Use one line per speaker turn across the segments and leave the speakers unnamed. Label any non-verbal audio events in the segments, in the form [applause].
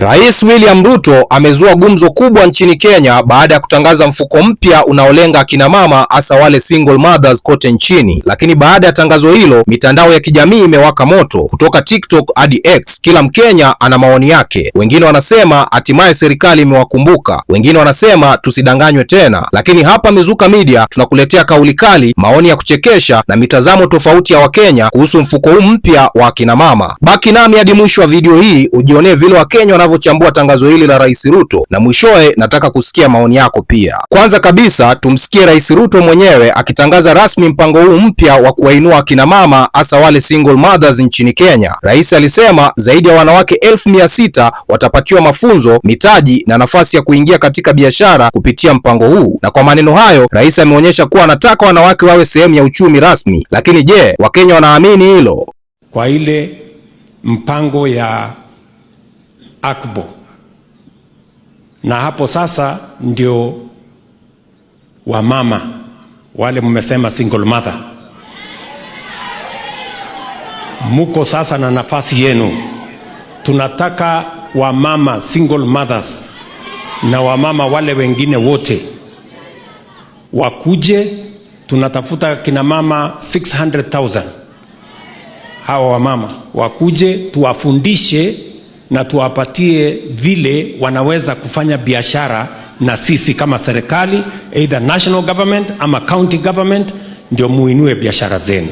Rais William Ruto amezua gumzo kubwa nchini Kenya baada ya kutangaza mfuko mpya unaolenga akina mama hasa wale single mothers kote nchini. Lakini baada ya tangazo hilo, mitandao ya kijamii imewaka moto, kutoka TikTok hadi X. Kila Mkenya ana maoni yake. Wengine wanasema hatimaye serikali imewakumbuka, wengine wanasema tusidanganywe tena. Lakini hapa Mizuka Media tunakuletea kauli kali, maoni ya kuchekesha na mitazamo tofauti ya Wakenya kuhusu mfuko huu mpya wa akina mama. Baki nami hadi mwisho wa video hii ujionee vile Wakenya unavyochambua tangazo hili la Rais Ruto, na mwishowe nataka kusikia maoni yako pia. Kwanza kabisa tumsikie Rais Ruto mwenyewe akitangaza rasmi mpango huu mpya wa kuwainua akina mama hasa wale single mothers nchini Kenya. Rais alisema zaidi ya wanawake elfu mia sita watapatiwa mafunzo, mitaji na nafasi ya kuingia katika biashara kupitia mpango huu, na kwa maneno hayo rais ameonyesha kuwa anataka wanawake wawe sehemu ya uchumi rasmi. Lakini je, Wakenya wanaamini hilo?
Kwa ile mpango ya AKBO, na hapo sasa ndio wamama wale mmesema single mother muko sasa na nafasi yenu. Tunataka wamama single mothers na wamama wale wengine wote wakuje. Tunatafuta kina mama 600,000 hawa wamama wakuje tuwafundishe na tuwapatie vile wanaweza kufanya biashara na sisi kama serikali, either national government ama county government, ndio muinue biashara zenu.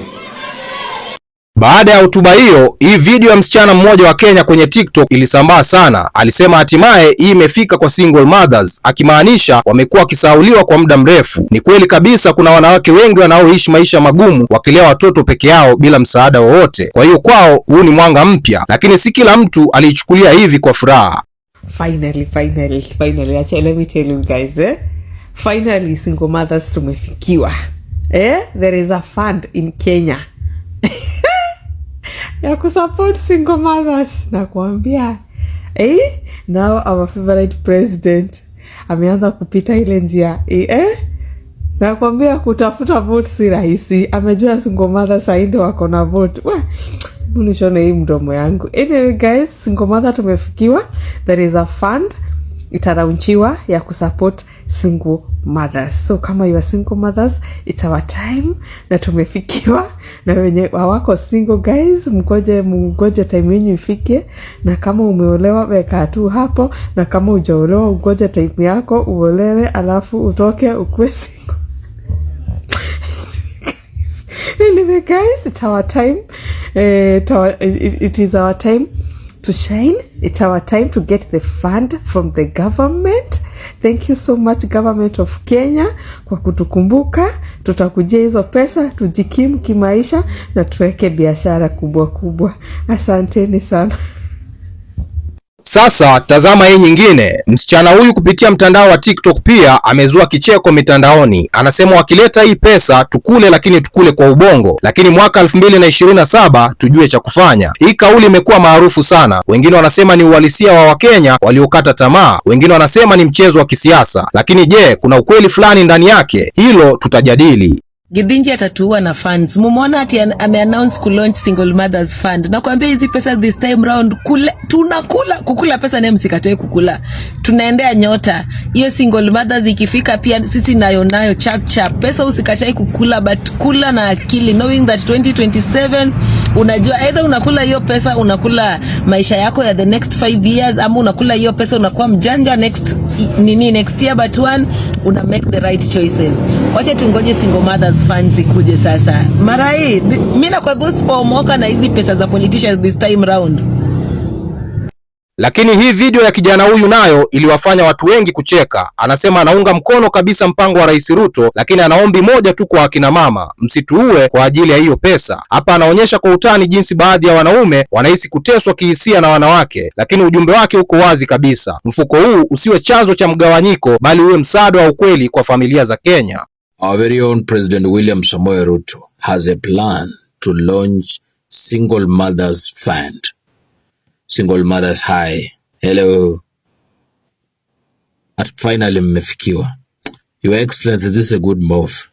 Baada ya hotuba hiyo, hii video ya msichana mmoja wa Kenya kwenye TikTok ilisambaa sana. Alisema hatimaye hii imefika kwa single mothers, akimaanisha wamekuwa wakisahauliwa kwa muda mrefu. Ni kweli kabisa, kuna wanawake wengi wanaoishi maisha magumu wakilea watoto peke yao bila msaada wowote. Kwa hiyo kwao huu ni mwanga mpya, lakini si kila mtu aliichukulia hivi kwa furaha.
Finally, finally, finally, acha let me tell you guys, eh? Finally, single mothers tumefikiwa, eh? There is a fund in Kenya [laughs] ya kusupport single mothers nakuambia eh? Now our favorite president ameanza kupita ile njia eh? eh? Nakwambia kutafuta vote si rahisi, amejua single mothers sainde wako na vote. Nishone hii mdomo yangu. Anyway guys, single mother tumefikiwa, there is a fund itaraunchiwa ya kusupport single mothers. So kama you are single mothers, it's our time na tumefikiwa, na wenye hawako single guys, mngoje mngoje time yenu ifike, na kama umeolewa weka tu hapo, na kama ujaolewa ugoje time yako uolewe, alafu utoke ukuwe single. [laughs] Anyway guys, it's our time. Eh, it is our time to shine. It's our time to get the fund from the government. Thank you so much government of Kenya kwa kutukumbuka. Tutakujia hizo pesa tujikimu kimaisha na tuweke biashara kubwa kubwa. Asanteni sana. [laughs]
Sasa tazama hii nyingine. Msichana huyu kupitia mtandao wa TikTok pia amezua kicheko mitandaoni. Anasema wakileta hii pesa tukule, lakini tukule kwa ubongo, lakini mwaka 2027 tujue cha kufanya. Hii kauli imekuwa maarufu sana, wengine wanasema ni uhalisia wa Wakenya waliokata tamaa, wengine wanasema ni mchezo wa kisiasa, lakini je, kuna ukweli fulani ndani yake? Hilo tutajadili.
Githinji atatuua na funds. Mumona ati ameannounce kulaunch Single Mothers Fund. Nakwambia hizi pesa this time round kule, tunakula kukula pesa naye msikatae kukula. Tunaendea nyota. Hiyo Single Mothers ikifika pia sisi nayo nayo chap chap. Pesa usikatae kukula but kula na akili knowing that 2027 unajua either unakula hiyo pesa unakula maisha yako ya the next 5 years ama unakula hiyo pesa unakuwa mjanja next nini next year but one una make the right choices. Wacha tungoje single mothers funds ikuje sasa. Mara hii mimi na kwa boss pomoka na hizi pesa za politicians this time round.
Lakini hii video ya kijana huyu nayo iliwafanya watu wengi kucheka. Anasema anaunga mkono kabisa mpango wa Rais Ruto, lakini anaombi moja tu kwa akina mama, msituue kwa ajili ya hiyo pesa. Hapa anaonyesha kwa utani jinsi baadhi ya wanaume wanahisi kuteswa kihisia na wanawake, lakini ujumbe wake uko wazi kabisa: mfuko huu usiwe chanzo cha mgawanyiko, bali uwe msaada wa ukweli kwa familia za Kenya.
Our very own President William Samoei Ruto has a plan to launch Single Mothers Fund. Single Mothers, hi. Hello. At finally mmefikiwa. Your Excellency, this is a good move.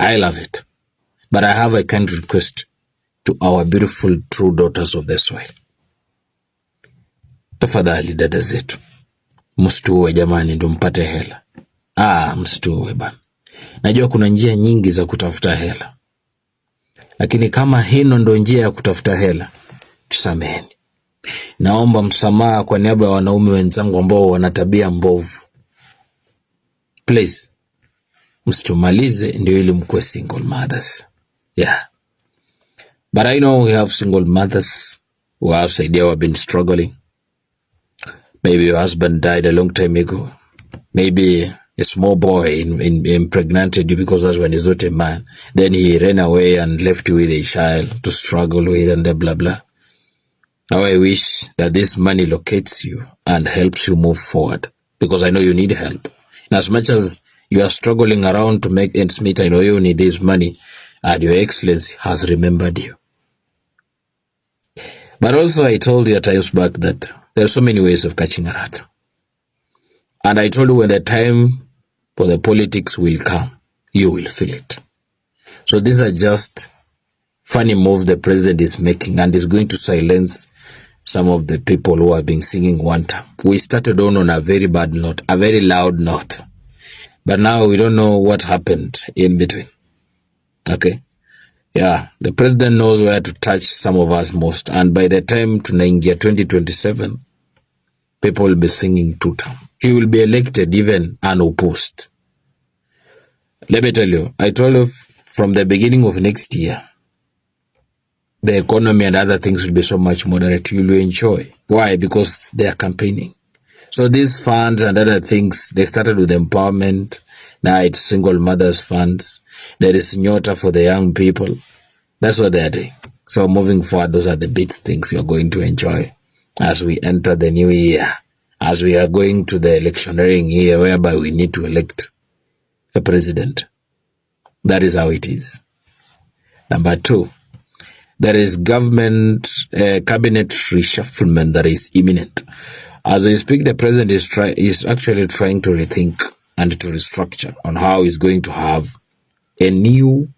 I love it. But I have a kind request to our beautiful true daughters of the soil. Tafadhali dada zetu, msituwe jamani, ndo mpate hela. Ah, msituwe bana. Najua kuna njia nyingi za kutafuta hela, lakini kama hino ndo njia ya kutafuta hela, tusameheni. Naomba msamaha kwa niaba ya wanaume wenzangu ambao wana tabia mbovu. Please msitumalize ndio ili mkuwe single mothers. Yeah. But I know we have single mothers who have said they have been struggling. Maybe your husband died a long time ago. Maybe a small boy in, in, impregnated you because that's when he's not a man. Then he ran away and left you with a child to struggle with and blah blah. Now I wish that this money locates you and helps you move forward because I know you need help. And as much as you are struggling around to make ends meet, I know you need this money and your excellency has remembered you. But also I told you at times back that there are so many ways of catching a rat. And I told you when the time for the politics will come, you will feel it. So these are just funny moves the president is making and is going to silence some of the people who have been singing one time. We started on on a very bad note, a very loud note. But now we don't know what happened in between. Okay. Yeah, the president knows where to touch some of us most. And by the time to Ningia 2027, people will be singing two times he will be elected even unopposed. Let me tell you, I told you from the beginning of next year, the economy and other things will be so much moderate. You will enjoy. Why? Because they are campaigning. So these funds and other things, they started with empowerment. Now it's single mothers funds. There is Nyota for the young people. That's what they are doing. So moving forward, those are the big things you're going to enjoy as we enter the new year. as we are going to the electioneering year whereby we need to elect a president. That is how it is. Number two, there is government uh, cabinet reshufflement that is imminent. As we speak, the president is, try- is actually trying to rethink and to restructure on how he's going to have a new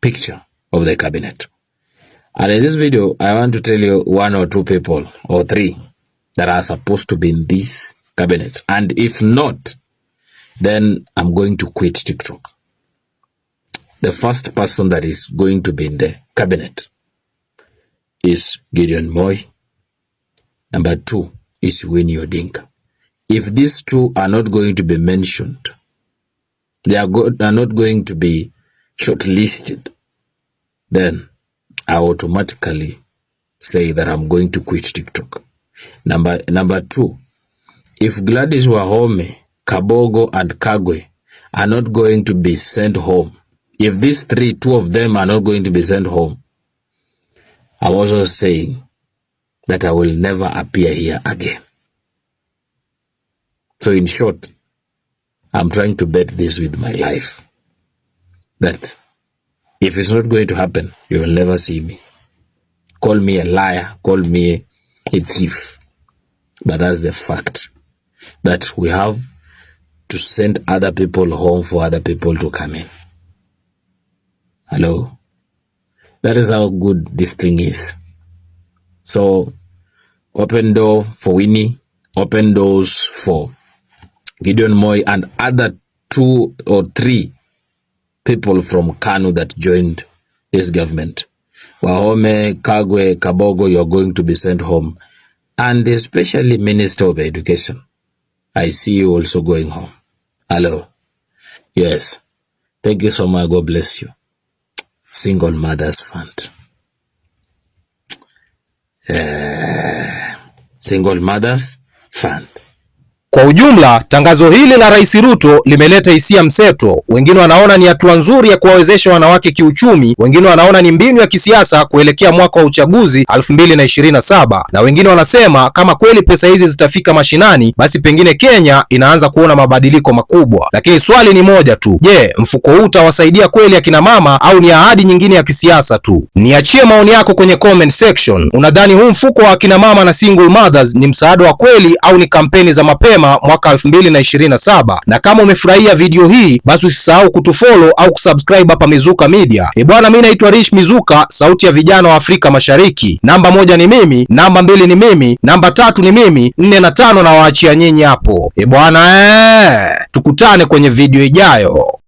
picture of the cabinet. And in this video, I want to tell you one or two people or three that are supposed to be in this cabinet. And if not, then I'm going to quit TikTok. The first person that is going to be in the cabinet is Gideon moy Number two is Winnie Odinga. If these two are not going to be mentioned, they are, are not going to be shortlisted, then I automatically say that I'm going to quit TikTok. Number, number two, if Gladys Wahome, Kabogo, and Kagwe are not going to be sent home, if these three, two of them are not going to be sent home, I'm also saying that I will never appear here again. So in short, I'm trying to bet this with my life that if it's not going to happen, you will never see me. Call me a liar, call me a thief. But that's the fact that we have to send other people home for other people to come in. Hello? That is how good this thing is. So, open door for Winnie, open doors for Gideon Moy and other two or three people from Kanu that joined this government. Wahome, Kagwe, Kabogo, you're going to be sent home, and especially Minister of Education. I see you also going home. Hello. Yes. Thank you so much. God bless you. Single Mothers Fund. Uh, eh, Single Mothers Fund.
Kwa ujumla, tangazo hili la Rais Ruto limeleta hisia mseto. Wengine wanaona ni hatua nzuri ya kuwawezesha wanawake kiuchumi, wengine wanaona ni mbinu ya kisiasa kuelekea mwaka wa uchaguzi 2027 na wengine wanasema kama kweli pesa hizi zitafika mashinani, basi pengine Kenya inaanza kuona mabadiliko makubwa. Lakini swali ni moja tu, je, mfuko huu utawasaidia kweli akina mama au ni ahadi nyingine ya kisiasa tu? Niachie maoni yako kwenye comment section. Unadhani huu mfuko wa akina mama na single mothers ni msaada wa kweli au ni kampeni za mapema mapema mwaka 2027. Na kama umefurahia video hii, basi usisahau kutufollow au kusubscribe hapa Mizuka Media. E bwana, mi naitwa Rish Mizuka, sauti ya vijana wa Afrika Mashariki. Namba moja ni mimi, namba mbili ni mimi, namba tatu ni mimi, nne na tano nawaachia nyinyi hapo. E bwana, ee, tukutane kwenye video ijayo.